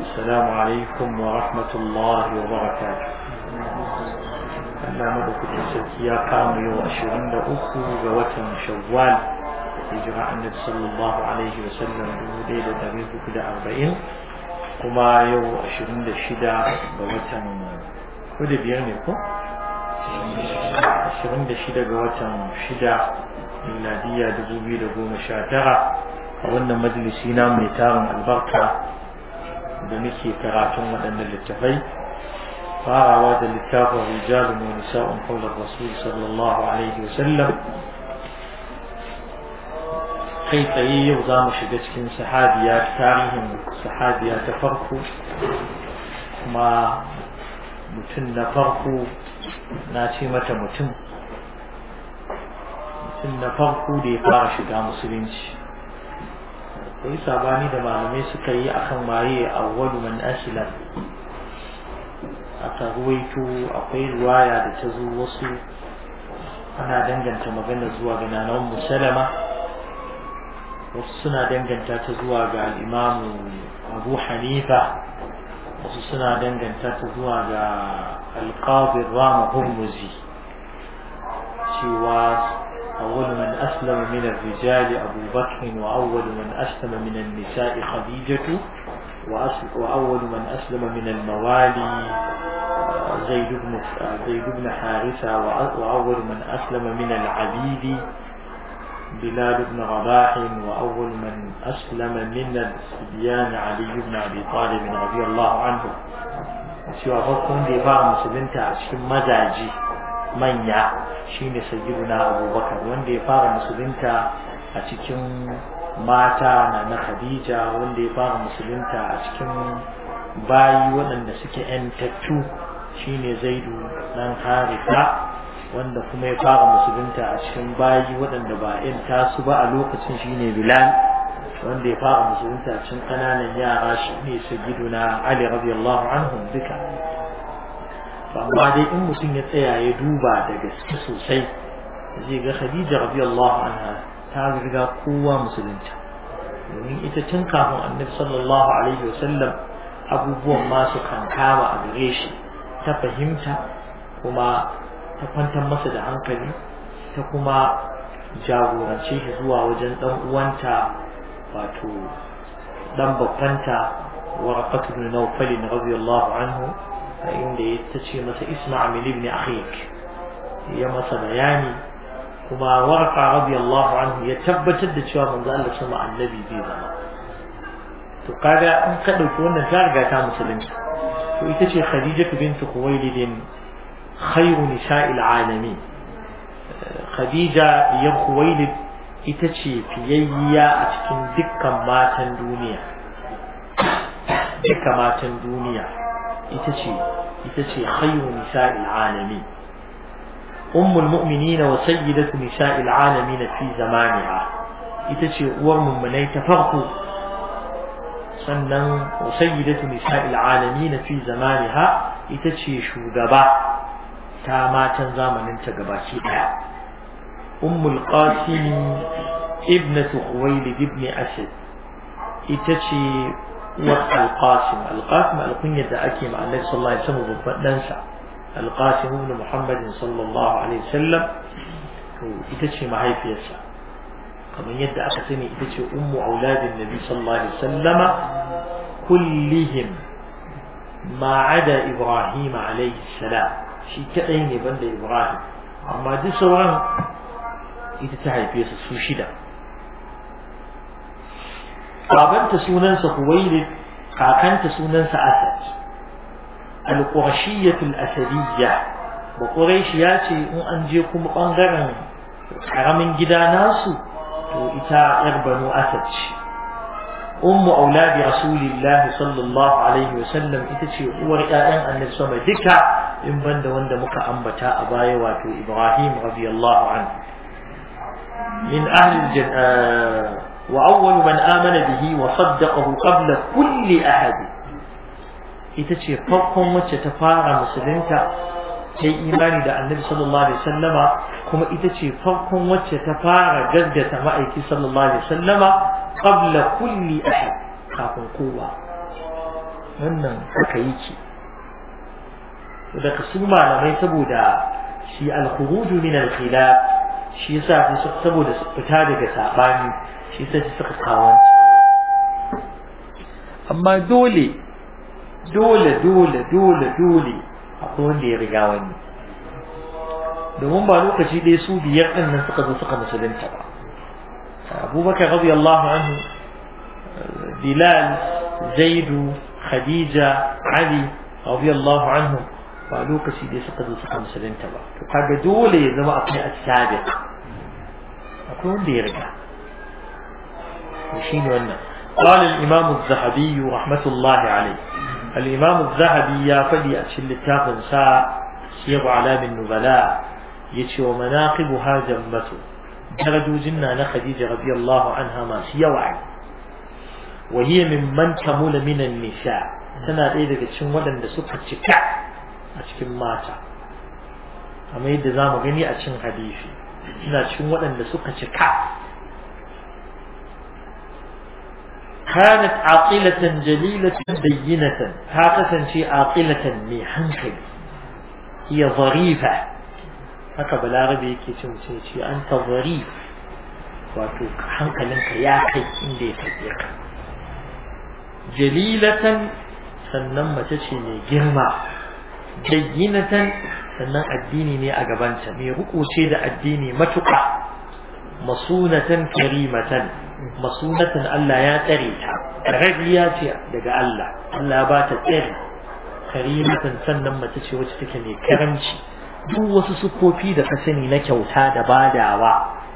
السلام عليكم ورحمة الله وبركاته Allah madaukakin sarki ya kama yau ashirin da uku ga watan shawwal hijira annabi sallallahu alaihi wa sallam dubu ɗaya da ɗari hudu da arba'in kuma yau ashirin da shida ga watan ko da biyar ne ko da shida ga watan shida dubu biyu da goma sha tara a wannan majalisi na mai tarin albarka da muke karatun waɗannan littafai farawa da littafin rijalun wa nisa'un qawlar rasul sallallahu alaihi wa sallam kai tsaye yau za mu shiga cikin sahabiya tarihin sahabiya ta farko kuma mutum na farko na ce mata mutum mutum na farko da ya fara shiga musulunci akwai sabani da malamai suka yi akan waye awwalu man asila aka ruwaito akwai ruwaya da ta zo wasu ana danganta magana zuwa ga nanon musalama wasu suna danganta ta zuwa ga al'imamu abu hanifa wasu suna danganta ta zuwa ga alƙawar rama hurmuzi cewa أول من أسلم من الرجال أبو بكر وأول من أسلم من النساء خديجة وأول من أسلم من الموالي آه، زيد بن آه، زيد بن حارثة وأول من أسلم من العبيد بلال بن رباح وأول من أسلم من الصبيان علي بن أبي طالب رضي الله عنه سوى فقم دفاع مسلمة مزاجي manya shine sayyiduna abubakar wanda ya fara musulunta a cikin mata na na khadija wanda ya fara musulunta a cikin bayi waɗanda suke yantattu shine zaidu dan harisa wanda kuma ya fara musulunta a cikin bayi waɗanda ba yan tasu ba a lokacin shine bilal wanda ya fara musulunta a cikin ƙananan yara shine sayyiduna ali radiyallahu anhum duka amma dai in mutum ya tsaya ya duba da gaske sosai zai ga khadija radiyallahu anha ta riga kowa musulunta domin ita tun kafin annabi sallallahu alaihi wasallam abubuwan masu kankawa a gare shi ta fahimta kuma ta kwantar masa da hankali ta kuma jagorance shi zuwa wajen dan uwanta wato dan babbanta warqatu bin nawfal radiyallahu anhu inda ya ta ce masa isma amil ibn akhik ya masa bayani kuma warqa radiyallahu anhu ya tabbatar da cewa manzo Allah sama annabi zai zama to kaga an ka dauki wannan ta riga ta musulunci to ita ce khadija bint khuwailid khairu nisa'il alamin khadija ya khuwailid ita ce fiyayya a cikin dukkan matan duniya dukkan matan duniya ita ce ita ce khayru nisa'il alamin ummul mu'minina wa sayyidatu nisa'il na fi zamaniha ita ce uwar mummunai ta farko sannan wa sayyidatu nisa'il na fi zamaniha ita ce shugaba ta matan zamanin ta daya ummul qasim ibnatu khuwailid ibn asad ita ce uwar alqasim alqasim alkunyar da ake ma annabi sallallahu alaihi wasallam babban ɗansa alqasim ibn muhammadin sallallahu alaihi wasallam to ita ce mahaifiyarsa kamar yadda aka sani ita ce ummu auladin nabi sallallahu alaihi wasallama kullihim ma ibrahim alaihi salam shi kadai ne banda ibrahim amma duk sauran ita ta haife su su shida babanta sunansa Huwailid kakanta sunansa Asad Al-Qurashiyatul Asadiyya ba Quraishi ce in an je kuma bangaren ƙaramin gida nasu to ita yar banu Asad ce Ummu auladi Rasulillahi sallallahu alaihi wa sallam ita ce uwar 'ya'yan Annabi sama duka in wanda muka ambata a baya wato Ibrahim radiyallahu anhu min ahli uh, وأول من آمن به وصدقه قبل كل أحد Ita ce farkon wacce ta fara musulunta. yi imani da annabi sallallahu alaihi sallama kuma ita ce farkon wacce ta fara gaggata ma'aiki sallallahu alaihi sallama qabla kulli ahad kafin kowa wannan haka yake daga su malamai saboda shi al-khuruj min al-khilaf shi yasa saboda fita daga sabani shi sai suka kawanci amma dole dole dole dole dole akwai wanda ya riga wani domin ba lokaci dai su biyar ɗin nan suka zo suka musulunta ba abubakar radiyallahu anhu bilal zaidu khadija ali radiyallahu anhu ba lokaci dai suka zo suka musulunta ba to kaga dole ya zama akwai asabi akwai wanda ya riga shine wannan qala al-imam zahabi rahmatullahi alayh al-imam ya fadi a cikin littafin sa shaykh alam an-nubala yace wa manaqib hadha ummatu darajujin na na khadija radiyallahu anha ma shi yawa wa hiya mimman tamula min an-nisa tana daya daga cikin wadanda suka cika a cikin mata kamar yadda zamu gani a cikin hadisi tana cikin waɗanda suka cika kanat aqilatan jalilatan bayyinatan ta kasance aqilatan mai hankali hiya zarifa haka balarabe yake ce mutum an ta zarif wato hankalinka ya kai inda ya kai ka jalilatan sannan mace ce mai girma bayyinatan sannan addini ne a gabanta mai rukuce da addini matuƙa masunatan karimatan masunatin Allah ya tsare ta rariya ce daga Allah Allah ba ta tsare karimatan sannan mace ce wacce take mai karanci duk wasu sukofi da ka sani na kyauta da badawa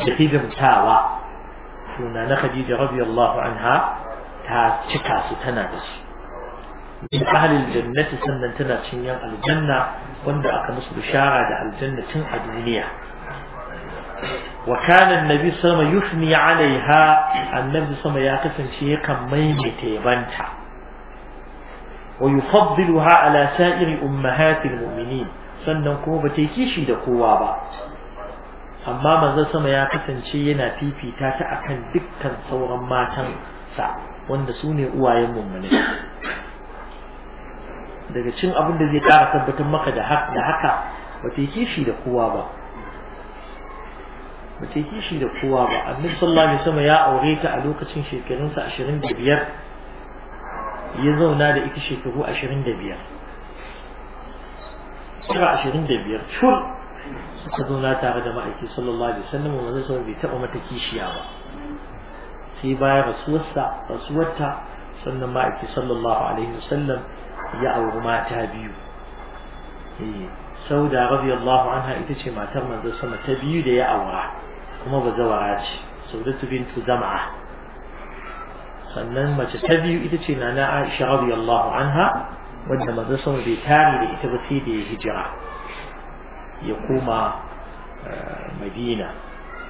da hidimtawa suna na Khadija radiyallahu anha ta cika su tana da su min ahlil jannati sannan tana cin aljanna wanda aka musu bishara da aljanna tun a duniya وكان النبي صلى الله عليه وسلم يثني عليها النبي صلى الله عليه وسلم شيخا ميمتي بنتا ويفضلها على سائر أمهات المؤمنين sannan kuma ba ta yi kishi da kowa ba amma manzon sama ya kasance yana fifita ta akan dukkan sauran matan sa wanda su ne uwayen mummune daga cin abin da zai kara tabbatar maka da haka ba ta yi kishi da kowa ba ba kishi da kowa ba annabi sallallahu alaihi wasallam ya aure ta a lokacin shekarunsa 25 ya zauna da ita shekaru 25 shekara 25 shur suka zauna tare da ma'aiki sallallahu alaihi wasallam wanda zai bai taɓa mata kishiya ba sai baya rasuwarsa rasuwarta sannan ma'aiki sallallahu alaihi wasallam ya auri mata biyu eh, Sau da rabi radiyallahu anha ita ce matar manzon sama ta biyu da ya aura kuma bazawara ce saudatu bintu zama'a sannan mace ta biyu ita ce nana Aisha radiyallahu anha wanda mazan sama bai tare da ita ba sai da ya hijira ya koma Madina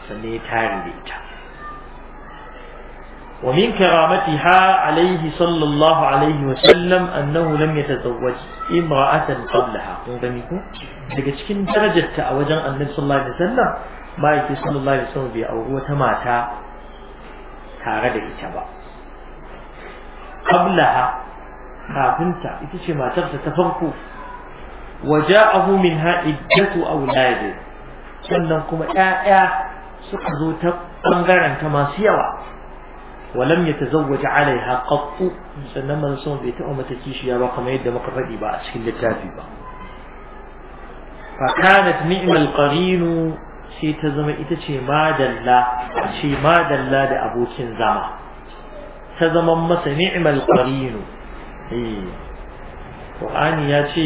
sannan ya tare da ita ومن كرامتها عليه صلى الله عليه وسلم أنه لم يتزوج امرأة قبلها daga cikin darajarta a wajen annabi sallallahu alaihi wasallam ma'aiki sallallahu alaihi wasallam bai auri wata mata tare da ita ba qablaha kafinta ita ce matarsa ta farko waja'ahu minha iddatu auladi sannan kuma ƴaƴa suka zo ta bangaren ta masu yawa ولم يتزوج عليها قط sannan manzon bai taɓa mata kishiya ba kamar yadda muka faɗi ba a cikin littafi ba fa kanat ni'mal qarinu shi ta zama ita ce madalla ce madalla da abokin zama ta zama masa ni'mal qarinu eh qur'ani ya ce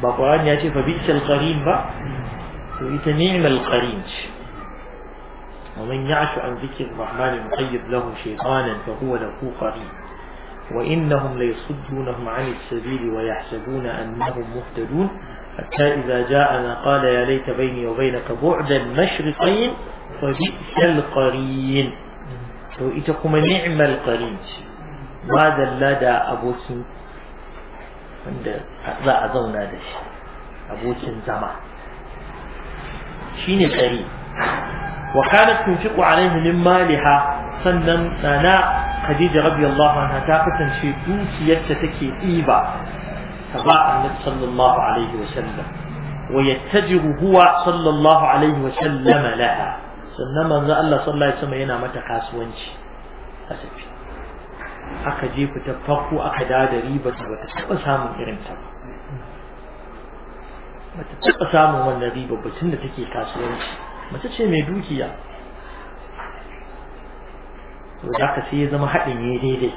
ba qur'ani ya ce fa bi'sal qarin ba to ita ni'mal qarin ce ومن يعش عن ذكر الرحمن نقيض له شيطانا فهو له قرين وإنهم ليصدونهم عن السبيل ويحسبون أنهم مهتدون حتى إذا جاءنا قال يا ليت بيني وبينك بعد المشرقين فبئس القرين وإتقم نعم القرين ماذا لدى أبو سن عند أظن هذا أبو سن زمع شين القرين وكانت تنفق عليه من مالها سنم نانا خديجة رضي الله عنها تاقة شدوكي يتتكي إيبا اتباع النبي صلى الله عليه وسلم ويتجه هو صلى الله عليه وسلم لها sannan manzo Allah sallallahu alaihi wasallam yana mata kasuwanci a tafi aka je fita farko aka dawo da riba ta bata taba samun irin ta ba bata taba samun wannan riba bacin da take kasuwanci mace ce mai dukiya to da ka sai ya zama haɗin ne daidai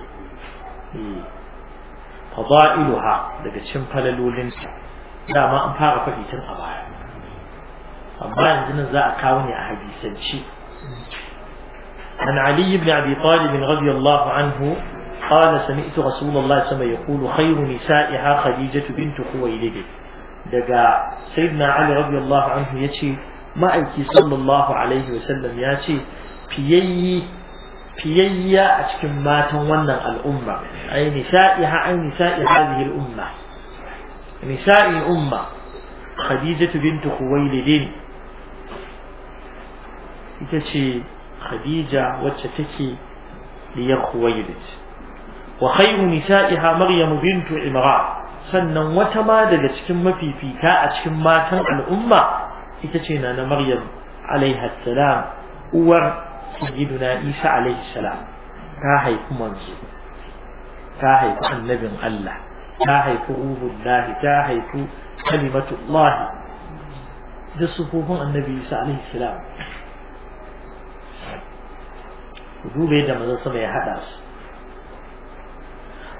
fada'iluha daga cikin falalolinsa dama an fara faɗi tun a baya amma yanzu nan za a kawo ne a hadisanci an علي بن أبي طالب رضي الله عنه قال سمعت رسول الله صلى الله عليه وسلم يقول خير نسائها خديجة بنت خويلد دقا سيدنا علي رضي الله عنه يتي ma'aiki sallallahu alaihi wasallam ya ce fiyayyi fiyayya a cikin matan wannan al'umma ai nisa'iha ai nisa'i hadhihi al'umma nisa'i umma khadijatu bintu khuwaylid ita ce khadija wacce take diyar khuwaylid wa khayru nisa'iha maryam bintu imran sannan wata ma daga cikin mafifita a cikin matan al'umma ita ce na maryam alaiha salam uwar sayyiduna Isa alaihi salam ta haifi manzo ta haifi annabin Allah ta haifi ruhullahi ta haifi kalimatullahi da sufofin annabi Isa alaihi salam dube da manzo sama ya hada su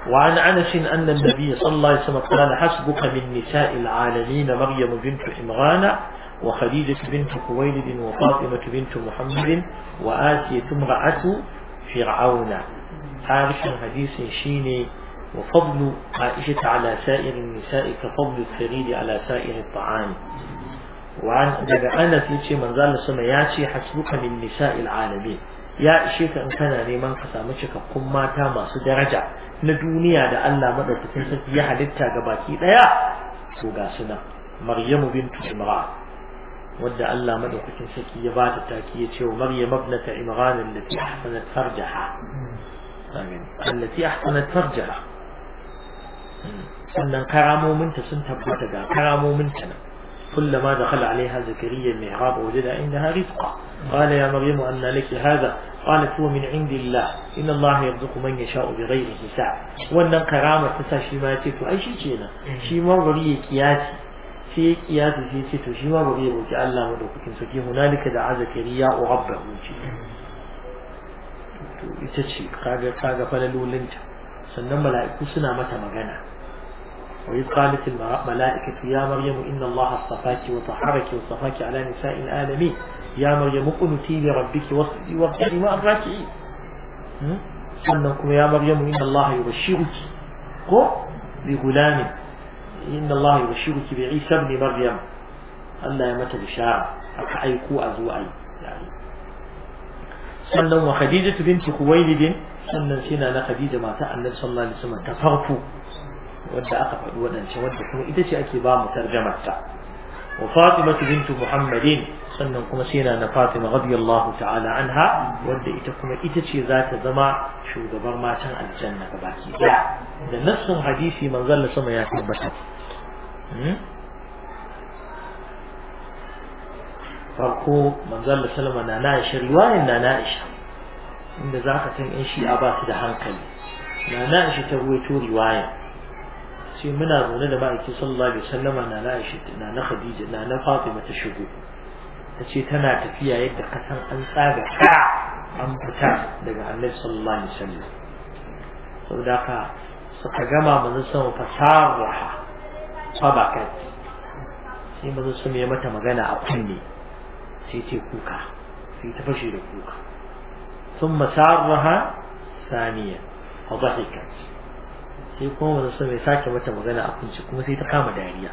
وعن أنس أن النبي صلى الله عليه وسلم قال حسبك من نساء العالمين مريم بنت عمران وخديجة بنت خويلد وفاطمة بنت محمد وآسية امرأة فرعون عارف حديث شيني وفضل عائشة على سائر النساء كفضل الثريد على سائر الطعام وعن daga Anas yace manzo sama ya ce hasbuka min nisa'il alamin ya ishe ka in kana neman ka samu cikakkun mata masu daraja na duniya da Allah madaukakin sarki ya halitta ga baki daya to Maryamu bintu wadda Allah madaukakin saki ya bata taki ya ce wa Maryam ibnata Imran allati ahsanat farjaha allati ahsanat farjaha sannan karamominta sun tabbata ga karamominta nan كلما دخل عليها زكريا المحراب وجد عندها رزقا قال يا مريم أن لك هذا قالت هو من عند الله إن الله يرزق من يشاء بغير حساب wannan karama ta sa shi ma ya ce to ai shi kenan shi ma wuri ya kiyasi sai ya kiyasa sai ce to shi ma ba zai roki Allah madaukakin sarki hunalika da azakari ya rabbahu ce to ita ce kaga kaga falalolinta sannan mala'iku suna mata magana wa yi al mala'ikatu ya maryamu inna Allah astafaki wa taharaki wa astafaki ala nisa'i al alamin ya maryamu qunuti li rabbiki wasdi wa qimi ma raki'i hmm? sannan kuma ya maryamu inna Allah yubashshiruki ko bi gulamin inna Allah yubshiruki bi Isa ibn Maryam Allah ya mata bishara aka aiko a zo ai sannan wa Khadijatu binti Khuwaylid sannan sai na Khadija mata Annabi sallallahu alaihi wasallam ta farko wadda aka faɗi waɗancan wadda kuma ita ce ake ba mu tarjamarta وفاطمة بنت محمد صلى الله عليه وسلم فاطمة رضي الله تعالى عنها وده إتكم إتشي ذات زماء شو دبر ما تن الجنة باكي ده نفس الحديث من ظل سمع ياتي بشر فرقو من ظل سلم أنا نائشة رواية أنا نائشة إن ذاك تن إنشي أباك ده هنكلي أنا نائشة تروي تو رواية sai muna zaune da ma'aikin sallallahu alaihi wasallama na na Aisha na na Khadija na na Fatima ta shigo ta ce tana tafiya yadda ka san an tsaga ka an fita daga Annabi sallallahu alaihi wasallam saboda ka suka gama manzo sama fasaraha sabakat sai manzo sama ya mata magana a kunne sai ce kuka sai ta fashe da kuka ثم سارها ثانية فضحكت sai kuma wani sun mai sake mata magana a kunci kuma sai ta kama dariya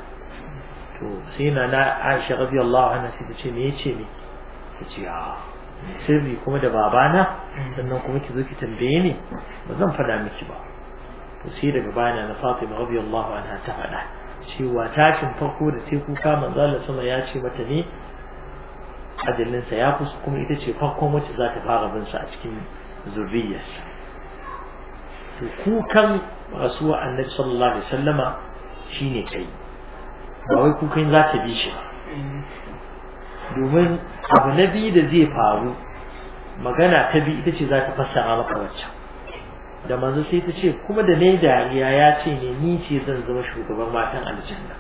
to sai na na aisha rabi Allah hana sai ta ce me yace ne ta ce a ah, sirri kuma da babana sannan kuma ki zo ki tambaye ni ba zan faɗa miki ba to sai daga bayana na Fatima rabi Allah ana ta faɗa cewa tashin farko da sai kuka sama ya ce mata ne ajalinsa ya kusa kuma ita ce farkon wacce za ta fara bin su a cikin zurriyarsa to kukan rasuwa annabi sallallahu alaihi wasallama shine kai ba wai kukan za ta bi shi ba domin abu na biyu da zai faru magana ta bi ita ce za ta fassara maka wacce, da manzo sai ta ce kuma da ne dariya ya ce ne ni ce zan zama shugaban matan aljanna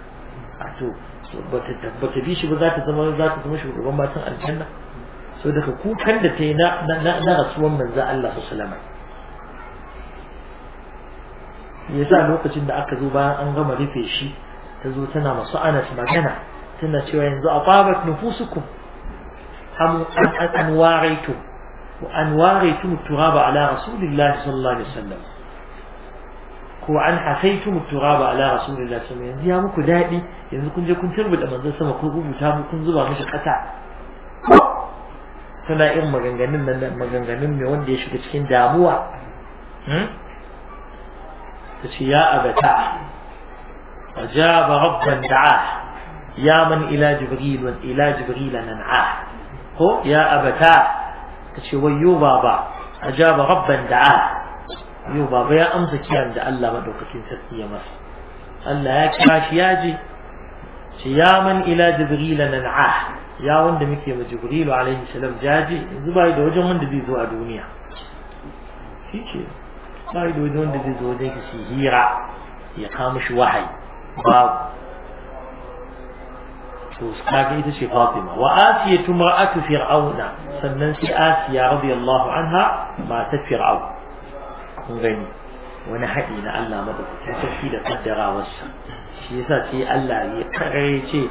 a to ba ta bi shi ba za ta zama za ta zama shugaban matan aljanna so daga kukan da ta yi na rasuwan manzo Allah sallallahu alaihi wasallam yasa lokacin da aka zo bayan an gama rufe shi ta zo tana masu anas magana tana cewa yanzu a babat nufusukum ham an an waraitu wa an mutura turaba ala rasulillah sallallahu alaihi wasallam ko an hasaitu turaba ala rasulillah sallallahu yanzu ya muku daɗi yanzu kun je kun da manzon sama kun rubuta mu kun zuba mishi kasa tana irin maganganun nan maganganun wanda ya shiga cikin damuwa hmm? تشي يا أبتاه أجاب ربا دعاه يا من إلى جبريل إلى جبريل ننعاه هو يا أبتاه تشي ويو بابا أجاب ربا دعاه يو بابا يا أمسى كيان دا الله مدوكتين سرقية مصر الله يا كاش ياجي يا من إلى جبريل ننعاه يا وند مكي جبريل عليه السلام جاجي زبايد وجه من دي زوا دنيا شيء قائد ودون دي زودين كسي هيرا يقامش وحي باب توسكاك إذا شي فاطمة وآسية مرأة فرعون سننسي آسية رضي الله عنها ما فرعون من غني ونحقين ألا مدد تسفيد تدرى وسا شيساتي ألا يقريتي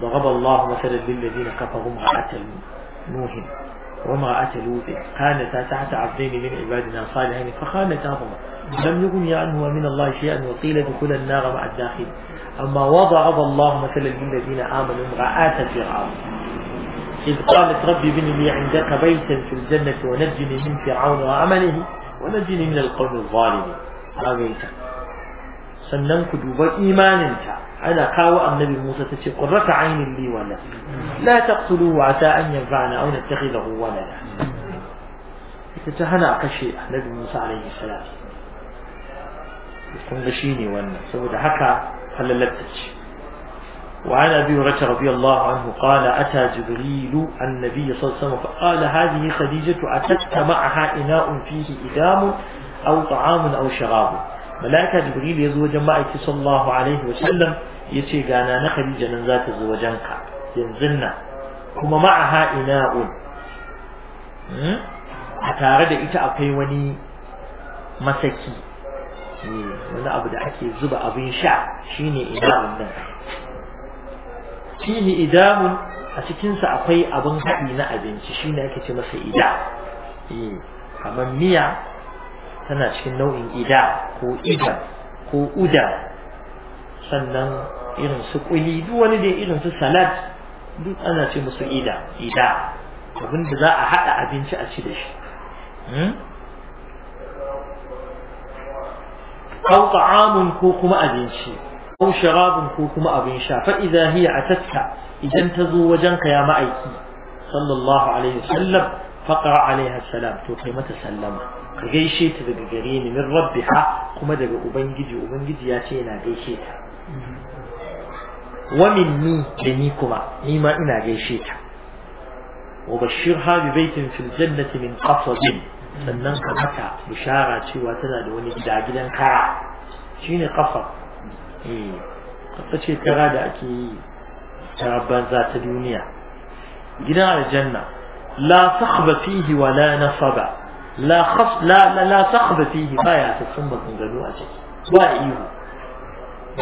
ضرب الله مثلا للذين كفروا امرأة نوح وامرأة لوط كانتا تحت عبدين من عبادنا صالحين فخانتاهما لم يغني يعني عنهما من الله شيئا وقيل دخل النار مع الداخل أما وضع الله مثلا للذين آمنوا امرأة فرعون إذ قالت ربي ابن لي عندك بيتا في الجنة ونجني من فرعون وعمله ونجني من القوم الظالمين هذا سنن ku duba imaninta أنا قاوى النبي موسى تشي قرة عين لي ولا لا تقتلوه عسى أن ينفعنا أو نتخذه ولدا تتهنى قشي النبي موسى عليه السلام يكون غشيني وانا سود saboda خللتك وعن أبي هريرة رضي الله عنه قال أتى جبريل النبي صلى الله عليه وسلم فقال هذه خديجة أتت معها إناء فيه إدام أو طعام أو شراب mala'ika jibril ya zo wajen ma'aiki sallallahu alaihi wa sallam ya ce gana na khadija nan za ta zo wajen ka yanzu nan kuma ma'aha un. Hmm? a tare da ita akwai wani masaki eh, wani abu da ake zuba abin sha shine ina'un nan fihi idamun a cikinsa akwai abin haɗi na abinci shine ake ce masa ida eh, kamar miya tana cikin nau'in ida ko ida ko uda sannan irin su kuli duk wani da irin su salad duk ana ce musu ida ida abin da za a haɗa abinci a ci da shi أو طعام كوكما أبنشي أو شراب كوكما أبنشا فإذا هي أتتك إذا انتزوا وجنك يا مأيكي صلى الله عليه وسلم faqra alaiha salam to kai mata sallama ka gaishe ta daga gare ni min rabbiha kuma daga ubangiji ubangiji ya ce yana gaishe ta wa ni da ni kuma ni ma ina gaishe ta wa bashirha bi baitin fil jannati min qasabin sannan ka mata bishara cewa tana da wani gida gidan kara shine qasab eh kasa ce kara da ake yi ta banza ta duniya gidan aljanna لا صخب فيه ولا نصب لا خص لا لا, لا صخب فيه ما يتصم من غنو أجل وإيه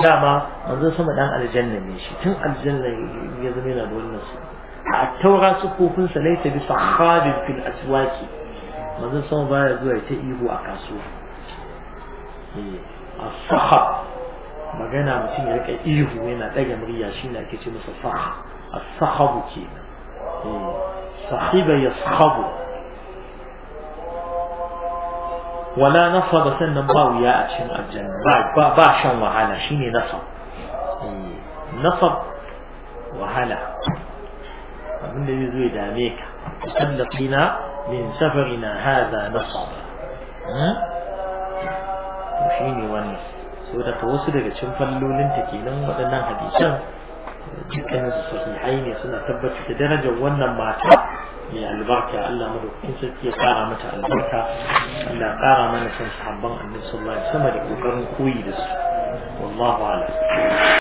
جامع من ذا سمع عن الجنة ميشي تن الجنة يزمين أبو النصر التوغى سقوف سليس بصخاب في الأسواك من ذا سمع بايا ذو يتئيه أكاسو الصخب ما جانا مسين يلك إيه وينا تجمع رياشينا كتير مصفح الصخب كيما إيه صاحبه يصخب ولا نصب سن باو يا أتشن الجنة با با شن وهلا شيني نصب إيه. نصب وهلا من الذي يزوي عليك تلقينا من سفرنا هذا نصب وشيني وني سورة وصدق شنفلولين تكينا ودنا حديثا dukkanin su sahihai ne suna tabbatar da darajar wannan mata mai albarka Allah madaukakin sarki ya kara mata albarka Allah kara mana san sahabban annabi sallallahu alaihi wasallam da kokarin koyi da su wallahu a'lam